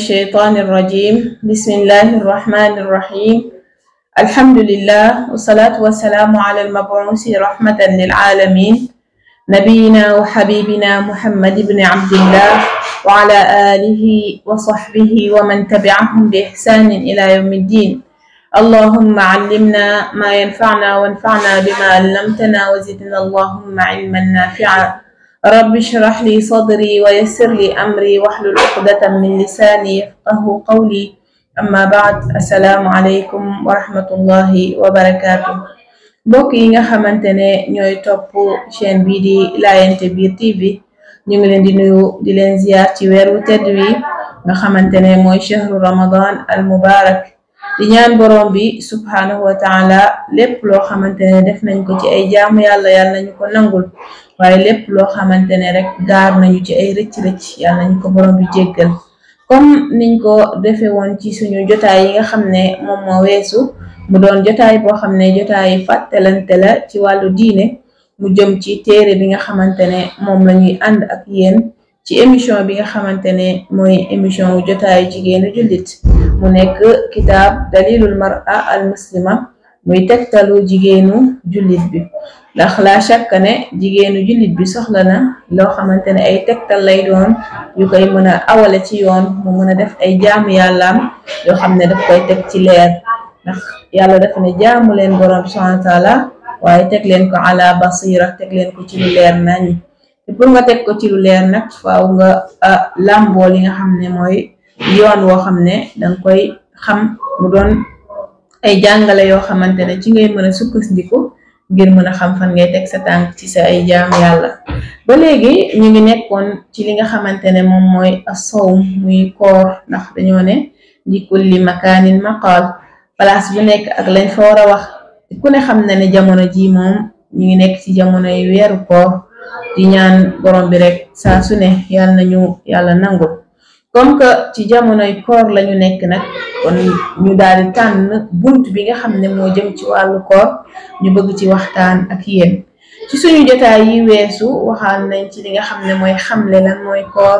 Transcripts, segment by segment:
الشيطان الرجيم بسم الله الرحمن الرحيم الحمد لله والصلاة والسلام على المبعوث رحمة للعالمين نبينا وحبيبنا محمد بن عبد الله وعلى آله وصحبه ومن تبعهم بإحسان إلى يوم الدين اللهم علمنا ما ينفعنا وانفعنا بما علمتنا وزدنا اللهم علما نافعا رب اشرح لي صدري ويسر لي أمري واحلل عقدة من لساني يفقه قولي أما بعد السلام عليكم ورحمة الله وبركاته بوكي نغا خمانتني نيوي توب شين بي دي لا ينت بي تي في نيغي لين دي نيو دي لين زيار تي ويرو تدوي نغا خمانتني موي شهر رمضان المبارك di ñaan borom bi subhaanahu wa taala lépp loo xamante ne def nañ ko ci ay jaamu yàlla yàlla nañ ko nangul waaye lépp loo xamante ne rek gaar nañu ci ay rëcc rëcc yàlla nañu ko borom bi jéggal comme niñ ko defee woon ci suñu jotaay yi nga xam ne moom moo weesu mu doon jotaay boo xam ne jotaay fàttalante la ci wàllu diine mu jëm ci téere bi nga xamante ne moom la ànd ak yéen ci émission bi nga xamante ne mooy émission wu jotaayu jigéenu jullit mu nekk kitaab dalilul mar'a al muslima muy tegtalu jigéenu jullit bi ndax la shakka ne jigéenu jullit bi soxla na loo xamante ne ay tegtal lay doon yu koy mën a awale ci yoon mu mën a def ay jaamu yàllaam yoo xam ne daf koy teg ci leer ndax yàlla dafa ne jaamu leen boroom subhaanahu wa waaye teg leen ko ala basira teg leen ko ci lu leer nañ ko ci lu nag faaw nga ah, làmboo li nga xam ne mooy yoon woo xam ne dan koy xam mu doon ay jàngale yoo xamante ne ci ngay mën a sukkandiku ngir mën a xam fan ngay teg sa tànk ci sa ay jaam yàlla ba léegi ñu ngi nekkoon ci li nga xamante ne moom mooy soow muy koor ndax dañoo ne li kulli makaanin maqaal place bu nekk ak lañ fa war wax ku ne xam na ne jamono ji moom ñu ngi nekk ci jamono yi weeru koor di ñaan borom bi rek saa su ne yàlla nañu yàlla nangul comme que ci jamonoy koor lañu nekk nag kon ñu daal di tànn bunt bi nga xam ne moo jëm ci wàllu ñu bëgg ci waxtaan ak yéen ci suñu jotaay yi weesu waxaan nañ ci li nga xam ne mooy xamle lan mooy koor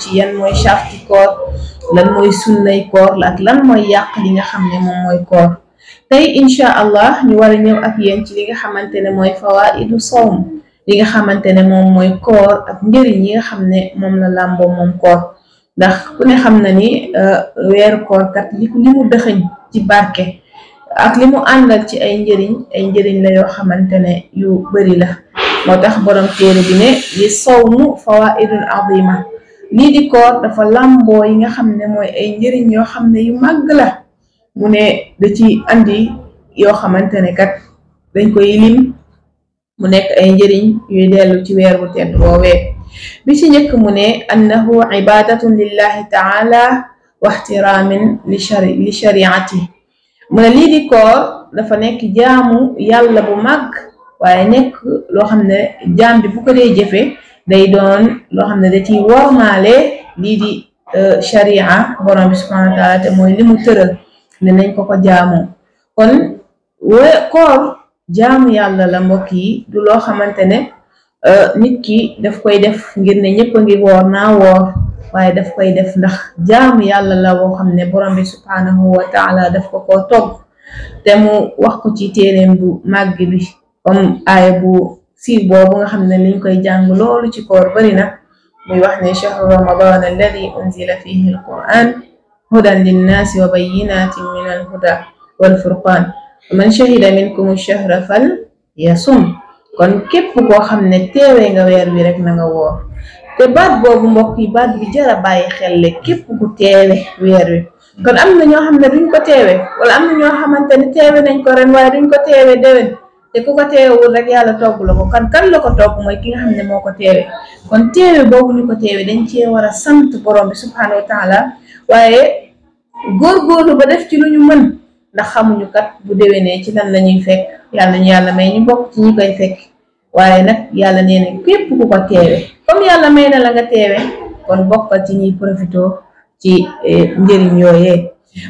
ci yan mooy sarti koor lan mooy sunnay yàq li nga xam ne moom mooy koor tey incha allah ñu war a ak yéen ci nga xamante ne mooy fawaidu nga xamante ne moom mooy koor ak njëriñ yi nga xam ne moom la làmboo moom koor ndax ku ne xam na ni euh, weeru koor kat li li ci barke ak limu mu àndal ci ay njëriñ ay njëriñ la yoo xamante ne yu bari la moo tax borom téere bi ne li sawmu fawaidul azima lii di koor dafa làmboo yi nga xam ne mooy ay njëriñ yoo xam ne yu màgg la mu ne da ci andi yoo xamante ne kat dañ koy lim mu nekk ay njëriñ yuy dellu ci weer bu tedd woowee بيتي نيك انه عباده لله تعالى واحترام لشري... لشريعته من لي دي كور جامو يالا بو وينك واي نيك لو خامن جام بي بوكو دي داي دون لو خامن دا تي ورمالي لي دي آه، شريعه بروم سبحانه وتعالى موي لي مو تيرال كوكو جامو كون و جامو يالا لا موكي دو لو خامنتيني nit ki daf koy def ngir ne ñëpp a ngi woor naa woor waaye daf koy def ndax jaamu yàlla la woo xam ne borom bi subhaanahu wa taala daf ko koo togg te mu wax ko ci téeréem bu màgg bi comme aaya bu siiw boobu nga xam ne liñ koy jàng loolu ci koor bari na muy wax ne chahru ramadan alladi unzila fihi alquran hudan linnaasi wa bayinatin min alhuda walfurqan man shahida minkum ash-shahra fal yasum kon képp koo xam ne teewee nga weer wi rek na nga woor te baat boobu mbokk yi baat bi jar a bàyyi xel le képp ku teewe weer wi kon am na ñoo xam ne duñ ko teewe wala am na ñoo xamante ne teewe nañ ko ren duñ ko teewe déwén te ku ko teewewul rek yàlla togg la kan kan la ko togg mooy ki nga xam ne moo ko teewe kon teewe boobu ñu ko teewe dañ cee war a sant borom bi subhaanahu wa taala waaye góorgóorlu ba def ci lu ñu mën ndax xamuñu kat bu déwénee ci lan la ñuy fekk yàlla ñu yàlla may ñu bokk ci ñi waye nak yalla neena kep ku ko tewé comme yalla mayna la nga tewé kon bokka ci ñi profito ci eh, ndir ñoyé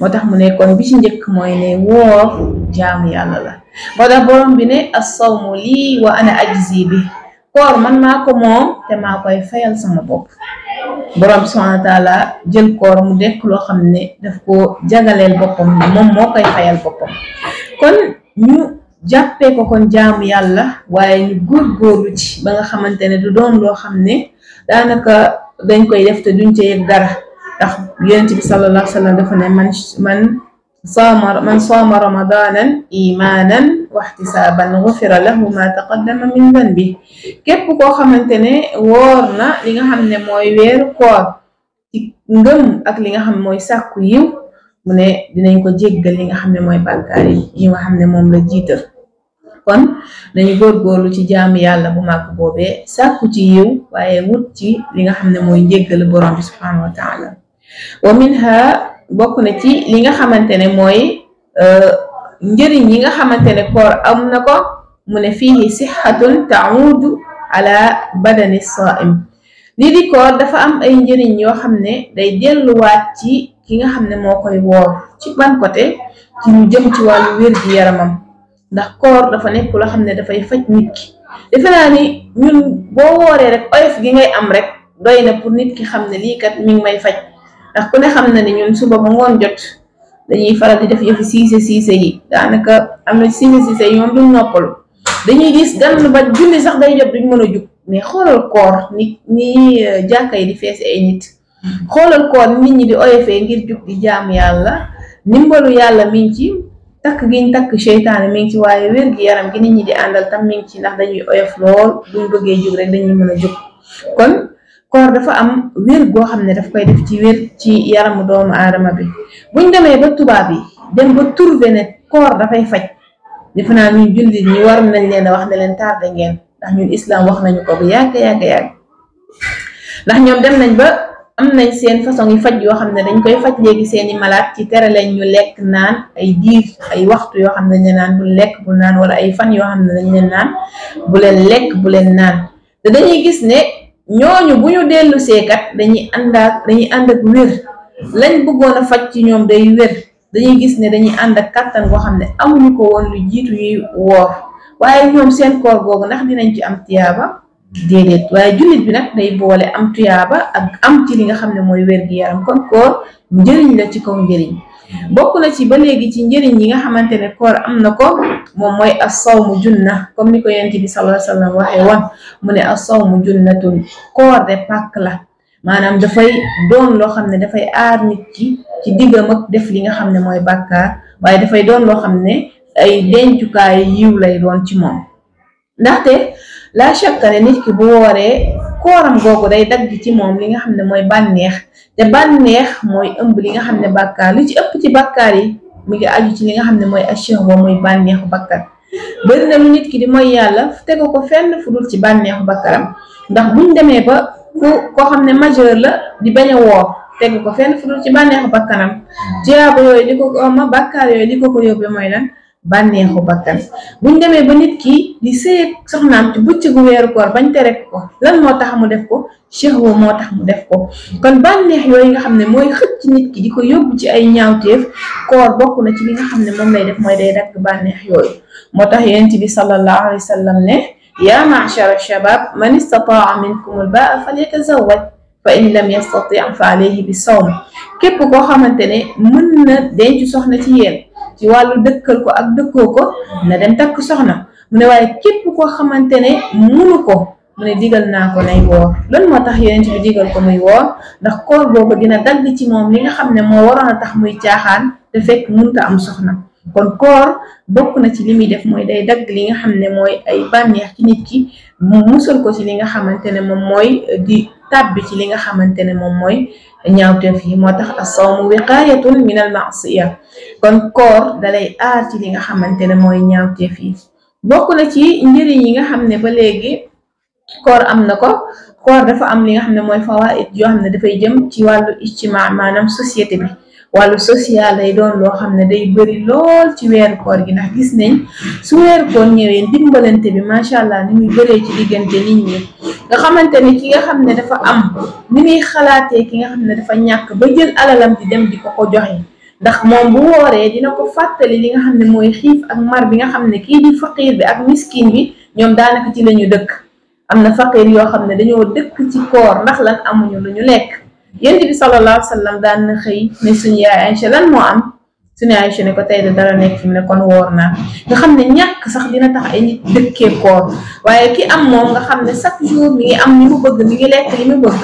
motax mu ne kon bi ci njëkk moy ne woor jaamu yalla la ba da borom bi ne as-sawmu lii wa ana ajzi bi kor man mako ko moom te maa fayal sama bop borom subhanahu wa taala jël kor mu dekk lo xam daf ko jagalel bopam mom mokay fayal bopam kon ñu jàppee ko kon jaamu yàlla waaye ñu góorgóorlu ci ba nga xamante ne du doon loo xam ne daanaka dañ koy def te duñ dara bi sallallahu wasallam dafa ne man man saama man saama ramadanan imaanan wahtisaban ghufira lahu ma taqaddama min dhanbi képp koo xamante ne woor na li nga xam ne mooy weeru koor ci ngëm ak li nga xam mooy sàkku yiw mu dinañ ko jéggal li nga xam yi nga la kon nañu góorgóorlu ci jaamu yàlla bu màgg boobee sàkku ci yiw waaye wut ci li nga xam ne mooy njéggal borom bi na ci li nga xamante ne mooy euh, njëriñ yi nga xamante ne koor am na ko mu ne fiihi sixatun taudu ala badani saim lii di koor dafa am ay njëriñ yoo xam ne day delluwaat ci ki nga xam ne moo koy woor ci ban côté ci ñu jëm ci wàllu wér gi yaramam ndax koor dafa nekk loo xam ne dafay faj nit ki defe naa ni ñun boo wooree rek oyof gi ngay am rek doy na pour nit ki xam ne lii kat mi may faj ndax ku ne xam na ne ñun suba ba ngoon jot dañuy faral di def yëfi siise siise yi daanaka am na siise siise yi ñoom duñ noppalu dañuy gis gan ba julli sax day jot duñ mën a jug mais xoolal koor ni ni euh, jàkka yi di fees ay nit mm-hmm. xoolal koor ñi di oyofee ngir jug di jaam yàlla ndimbalu yàlla mi ci takk giñ takk seytaane mi ngi ci waaye wér gi yaram gi ni ñi di àndal tam mi ngi ci ndax dañuy oyof lool buñ bëggee jóg rek dañuy mun a jóg kon koor dafa am wér goo xam ne daf koy def ci wér ci yaramu doomu aadama bi buñ demee ba tubaab yi dem ba trouvé ne koor dafay faj defe naa ñun jullit ñi war nañ leen a wax ne leen tardé ngeen ndax ñun islam wax nañu ko bu yàgg yàgg yàgg ndax ñoom dem nañ ba. am nañ seen façon yi faj yoo xam ne dañ koy faj léegi seeni malaat ci tere lañ ñu lekk naan ay diir ay waxtu yoo xam ne dañ naan bu lekk bu naan wala ay fan yoo xam ne dañ leen naan bu leen lekk bu leen naan te dañuy gis ne ñooñu bu ñu dellu seekat dañuy ànd ak dañuy ànd wér lañ bëggoon faj ci ñoom day wér dañuy gis ne dañuy ànd ak kàttan goo xam ne amuñu ko woon lu jiitu yuy woor waaye ñoom seen koor googu ndax dinañ ci am tiyaaba déedéet waaye jullit bi nag day boole am tuyaaba ak am ci li nga xam ne mooy wér-gi yaram kon koor njëriñ la ci kaw njëriñ bokk na ci ba léegi ci njëriñ yi nga xamante ne koor am na ko moom mooy as-sawmu junna comme ni ko yonent bi sallallahu alayhi wa sallam waxee woon mu ne as-sawmu junnatun koor de pàkk la maanaam dafay doon loo xam ne dafay aar nit ki ci diggam def li nga xam ne mooy bàkkaar waaye dafay doon loo xam ne ay dencukaay yiw lay doon ci moom ndaxte la chaque ne nit ki bu wooree kooram googu day dagg ci moom li nga xam ne mooy bànneex te bànneex mooy ëmb li nga xam ne bàkkaar lu ci ëpp ci bàkkaar yi mu ngi aju ci li nga xam ne mooy ashahwa mooy bànneexu bakkan bëri na lu nit ki di mooy yàlla tegu ko fenn fu dul ci bànneexu bakkaram ndax buñ demee ba ku koo xam ne majeur la di bañ a woor tegu ko fenn ci bànneexu bakkanam jiyaaba yooyu ko ko ma bàkkaar yooyu di ko ko yóbbee mooy lan bànneexu bakkan buñ demee ba nit ki di sëyeeg soxnaam ci bëccëgu weeru koor bañ tere ko lan moo tax mu def ko shahwa moo tax mu def ko kon bànneex yooyu nga xam ne mooy xëcc nit ki di ko yóbbu ci ay ñaawteef koor bokk na ci li nga xam ne moom lay def mooy day dakk bànneex yooyu moo tax yonent bi sallallahu alayhi wa sallam ne ya ma'shara shabab man istataa minkum al ba'a falyatazawwaj fa in lam yastati fa alayhi bi sawm képp koo xamante ne mën na denc soxna ci yéen ci wàllu dëkkal ko ak dëkkoo ko na dem takk soxna mu waaye képp koo xamante ne munu ko mu ne digal naa ko nay woor loolu moo tax yonent bi digal ko muy woor ndax koor boobu dina dagg ci moom li nga xam ne moo waroon a tax muy caaxaan te fekk munta am soxna kon koor bokk na ci li muy def mooy day dagg li nga xam ne mooy ay bànneex ci nit ki mu musal ko ci li nga xamante ne moom mooy di tàbbi ci li nga xamantene mom moy mooy ñaawteef yi moo tax assawmu wiqaayatun min al masiyah kon koor dalay aar ci li nga xamantene moy mooy ñaawteef yi bokk na ci ndiri yi nga xamne ba legi koor am nako koor dafa am li nga xamne moy fawaid yo xamne da fay jëm ci walu ijtimaa manam society bi walu social day doon lo xamne day bëri lol ci wër koor gi ndax gis nañ su wër koor ñewé dimbalante bi ma sha allah ni muy bëree ci digënté nit ñi nga xamanteni ki nga xamne dafa am ni muy xalaaté ki nga xamne dafa ñak ba jël alalam di dem di ko ko joxe ndax mom bu woré dina ko fatali li nga xamne moy xif ak mar bi nga xamne ki di faqir bi ak miskin bi ñoom daanaka ci lañu dëkk amna faqir yo xamne dañoo dëkk ci koor ndax lan amuñu luñu lekk. yént bi sallallahu alayhi wa sallam daan na xëy ne suñu yaay Aïcha lan moo am suñu Aïcha ne ko tey de dara nekk fi mu ne kon woor naa nga xam ne ñàkk sax dina tax ay nit dëkkee koor waaye ki am moom nga xam ne chaque jour mi ngi am li mu bëgg mi ngi lekk li mu bëgg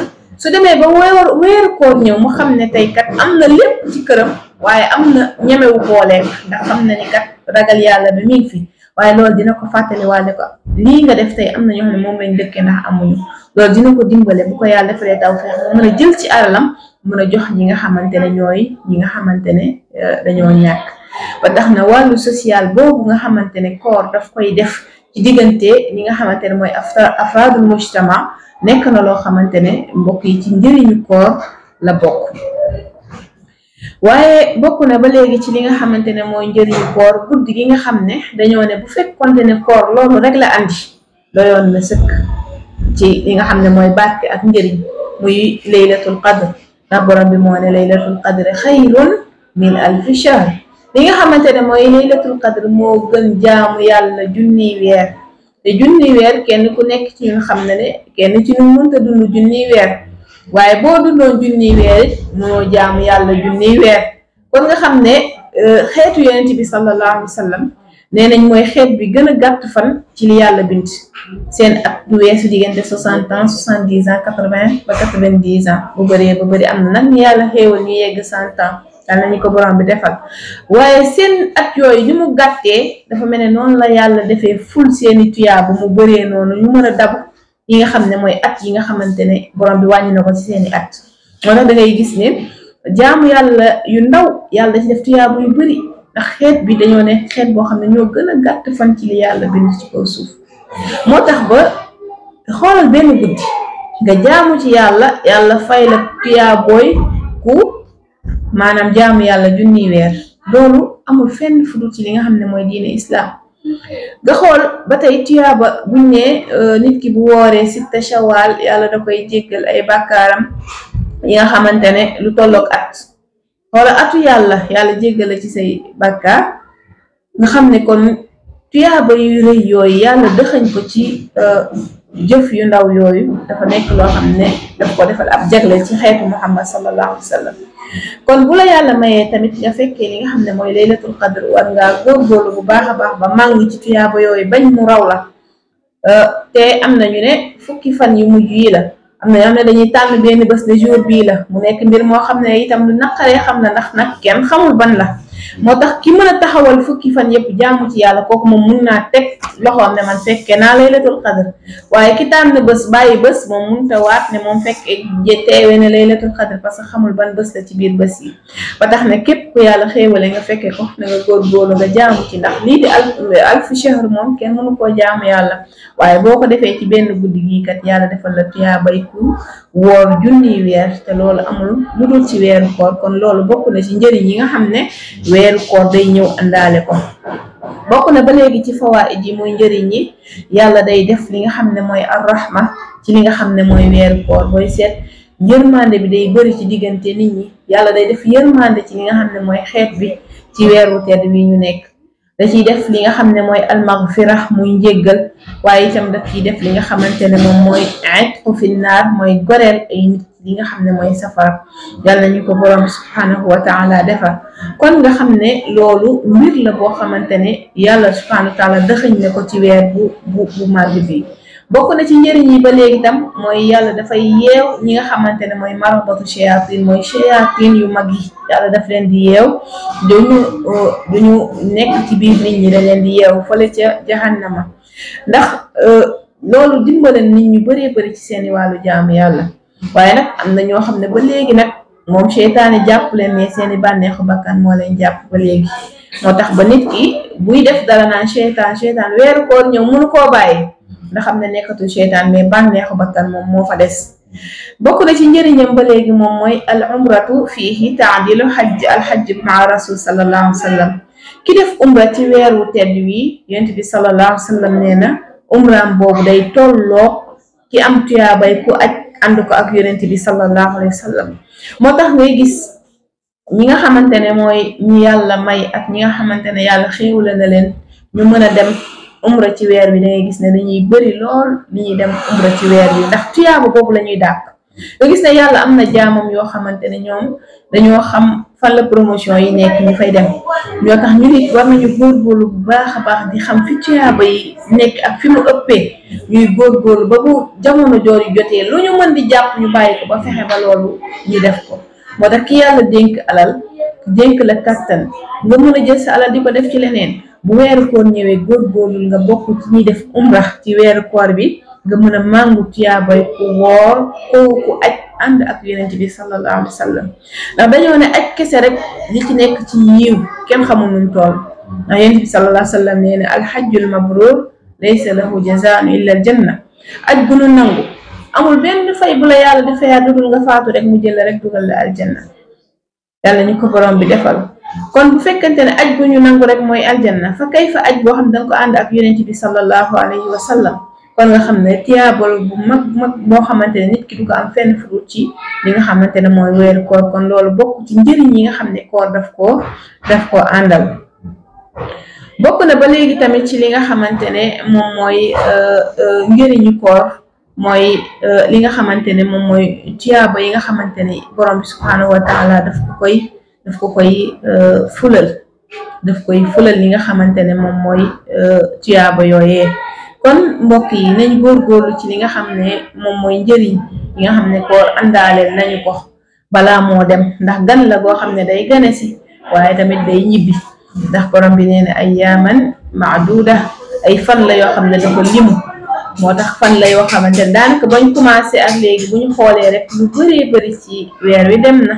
su demee ba weer weeru koor ñëw mu xam ne tey kat am na lépp ci këram waaye am na ñemewu booleek ndax xam na ni kat ragal yàlla bi mi ngi fi waaye loolu dina ko fàttaliwaat ne ko lii nga def tey am na ñoo moom lañ dëkkee ndax amuñu loolu dina ko dimbalee bu ko yàlla defalee tawfeex mu mën a jël ci alalam mën a jox ñi nga xamante ne ñooy ñi nga xamante ne euh, dañoo ñàkk ba tax na wàllu social boobu nga xamante ne koor daf koy def ci diggante ñi nga xamante ne mooy afraadul mujtama nekk na loo xamante ne mbokk yi ci njëriñu koor la bokk waaye bokk na ba léegi ci li nga xamante ne mooy njëriñu koor guddi gi nga xam ne dañoo ne bu fekkonte ne koor loolu rek la andi doyoon na sëkk ci li nga xam ne mooy barke ak njëriñ muy laylatul qadr ndax borom bi moo ne laylatul qadr xayrun min alfi shahr li nga xamante ne mooy laylatul qadr moo gën jaamu yàlla junni weer te junni weer kenn ku nekk ci ñun xam na ne kenn ci ñun mënta dund junni weer waaye boo dundoon junniy weer mënoo jaamu yàlla junniy weer kon nga xam ne euh, xeetu yonent bi sallallahu alayhi wa sallam nee nañ mooy xeet bi gën a gàtt fan ci li yàlla bind seen at du weesu diggante soixante ans soixante dix ans quatre vingt ba quatre vingt dix ans bu bëree bu bëri am na yàlla xéewal ñu yegg cent ans yàlla ko borom bi defal at yooyu ni mu gàttee dafa mel ne noonu la yàlla defee ful seeni tuyaa bu mu bëree noonu ñu mën a dabu yi nga xam ne at yi nga xamantene borom bi wàññi nako ci seeni at mo tax da ngay gis ne jaamu yàlla yu ndaw yàlla ci def tiyabu yu bari ndax xet bi dañu ne xet bo xamne ñoo gëna gàtt fan ci li yàlla bind ci ko suuf moo tax ba xolal benn guddi nga jaamu ci yàlla yàlla fay la tiyaboy ku manam jaamu yàlla junniy weer lolu amul fenn fu ci li nga xamne moy diine islam nga xool ba tey tuyaaba buñ ne nit ki bu wooree sitta shawaal yàlla da koy jéggal ay bàkkaaram yi nga xamante ne lu tolloog at xoola atu yàlla yàlla jéggal la ci say bàkkaar nga xam ne kon tuyaaba yu rëy yooyu yàlla dëxañ ko ci jëf yu ndaw yooyu dafa nekk loo xam ne daf ko defal ab jagle ci xeetu muhammad sallallahu alayhi wa sallam kon bu la yàlla mayee tamit nga fekkee li nga xam ne mooy laylatul qadr war ngaa góorgóorlu bu baax a baax ba màngi ci tuyaaba yooyu bañ mu raw la euh, te am na ñu ne fukki fan yu mujj yi la am na am ne dañuy tànn benn bés de jour bii la mu nekk mbir moo xam ne itam lu naqaree xam na ndax nag kenn xamul ban la motax ki meuna taxawal fukki fan yep jamu ci yàlla kooku mom mun naa teg loxoom ne man fekke na laylatul qadr waye ki tan tànn bés bàyyi bés moom ta wat ne mom fekke je tewé ne laylatul qadr parce que xamul ban bés la ci bir bés yi ba tax ne kep ku yàlla xewale nga fekke ko na nga gor góorgóorlu nga jamu ci ndax li di alfu shahr mom ken mënu ko jamu yàlla waye boko defé ci benn guddi gii kat yàlla defal la tiya bayku wor woor wer te lolu amul mudul ci wer ko kon lolu bokku na ci njëriñ yi nga xamne wer ko day ñëw andale ko bokku na ba legi ci fawaid yi mooy njëriñ yi yàlla day def li nga xamne moy mooy arrahma ci li nga xamne moy wer ko koor set yërmande bi day bëri ci diggante nit ñi yàlla day def yërmande ci li nga xamne moy xet bi ci weru tedd bi ñu nekk da ci def li nga xamne moy al maghfirah muy jéggal waye itam da ci def li nga xamantene mom moy mooy itqu fi nar moy gorel ay nit li nga xam ne mooy safara yàlla ñu ko borom subhanahu wa taala defar kon nga xam ne loolu mbir la boo xamante ne yàlla subhanahu wa taala dëxëñ ne ko ci weer bu bu bu màgg bi bokk na ci njëriñ yi ba léegi tam mooy yàlla dafay yeew ñi nga xamante ne mooy marabatu shayatin mooy shayatin yu mag yi yàlla daf leen di yeew duñu duñu nekk ci biir nit ñi da leen di yeew fële ca jahannama ndax loolu dimbalen nit ñu bëree bëri ci seeni wàllu jaamu yàlla waye nak amna ño xamne ne ba léegi nak mom seytaane jàpp leen mais seeni banexu bakkan mo leen japp ba motax ba nit ki buy def dara na seytaan seytaan weeru ko ñëw mënu ko bàyyi nga xamne ne nekkatu seytaan mais bànneexu bakkan mom mo fa dess bokku na ci ñeriñam ba léegi mom moy al umratu fihi ta'dilu hajj al hajj maa rasul sallallahu alaihi wasallam sallam ki def umra ci weeru tedd wi yentu bi sallallahu alaihi wasallam sallam umra na day tollo, ki am tiyabay ku acc ànd ko ak yonent bi sallallahu alayhi wa sallam moo tax ngay gis ñi nga xamante ne mooy ñi yàlla may ak ñi nga xamante ne yàlla xéewale na leen ñu mën a dem umra ci weer bi da gis ne dañuy bëri lool li ñuy dem umra ci weer bi ndax tuyaaba boobu la ñuy dàq nga gis ne yàlla am na jaamam yoo xamante ne ñoom dañoo xam fan la promotion yi nekk ñu fay dem ñoo tax ñu nit war nañu góorgóorlu bu baax a baax di xam fi tuyaaba yi nekk ak fi mu ëppee ñuy góorgóorlu ba bu jamono joor yi jotee lu ñu mën di jàpp ñu bàyyi ko ba fexe ba loolu ñu def ko moo tax ki yàlla dénk alal dénk la kastan nga mën a jël sa alal di ko def ci leneen bu weeru koor ñëwee góorgóorlu nga bokk ci ñuy def umrax ci weeru koor bi nga mën a màngu tuyaabay ku woor ku aj ànd ak yenenbi bi sallallahu alayhi wasallam sallam ndax dañoo ne aj kese rek li ci nek ci yiw kenn xamul nu tool ndax yenenbi sallallahu alayhi wasallam neena al ne alxajjul mabrur laysa lahu jazaa'un illa al janna ak nu nangu amul benn fay bu la yàlla di fayaat dudul nga faatu rek mu jël rek dugal la al janna yàlla ñu ko borom bi defal kon bu fekkante ne aj bu ñu nangu rek mooy aljanna fa kay fa aj boo xam danga ko ànd ak yonent bi sallallahu alayhi wa sallam kon nga xam ne tiyaabal bu mag mag boo xamante ne nit ki du am fenn furut ci li nga xamante ne mooy weeru kon loolu bokk ci njëriñ nga xam ne koor daf koo daf koo àndal bokk na ba léegi tamit ci li nga xamante ne moom mooy euh, euh, njëriñu mooy euh, li nga xamante ne moom mooy tiyaaba yi nga xamante ne borom bi subhaanahu wa taala daf ko koy fulal daf nga xamante ne moom mooy tiyaaba yooyee kon mbokk yi nañ góorgóorlu ci li nga xam ne moom mooy njëriñ nga xam ne koor àndaaleel nañu ko balaa moo dem ndax gan la boo xam ne day gane si waaye tamit day ñibbi ndax borom bi nee na ay yaaman maaduuda ay fan la yoo xam ne dafa limu moo tax fan la yoo xamante ne daanaka bañ commencé ak léegi buñ xoolee rek lu bëree bëri ci weer wi dem na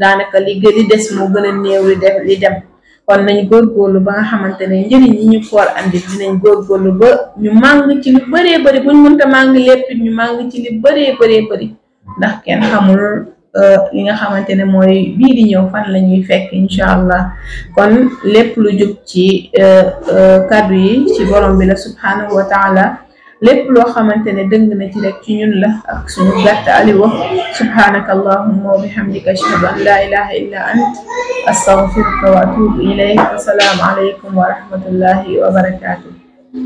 daanaka li gën di des moo gën a néew li dem kon nañ góorgóorlu ba nga xamante ne njëriñ yi ñu koor andi dinañ góorgóorlu ba ñu màng ci lu bëree bëri buñ mënta màng lépp ñu màng ci li bëree bëree bëri ndax kenn xamul euh, li nga xamante ne mooy bii di ñëw fan la ñuy fekk incha allah kon lépp lu jub ci euh, euh, kàddu yi ci borom bi la subhanahu wa taala lépp loo xamante ne dëng na ci rek ci ñun la ak suñu gàtt ali wax subhanaka allahumma wa bihamdika ashhadu an la ilaha illa ant astaghfiruka wa atubu ilayk wa salaamu alaykum wa rahmatullahi wa barakatuh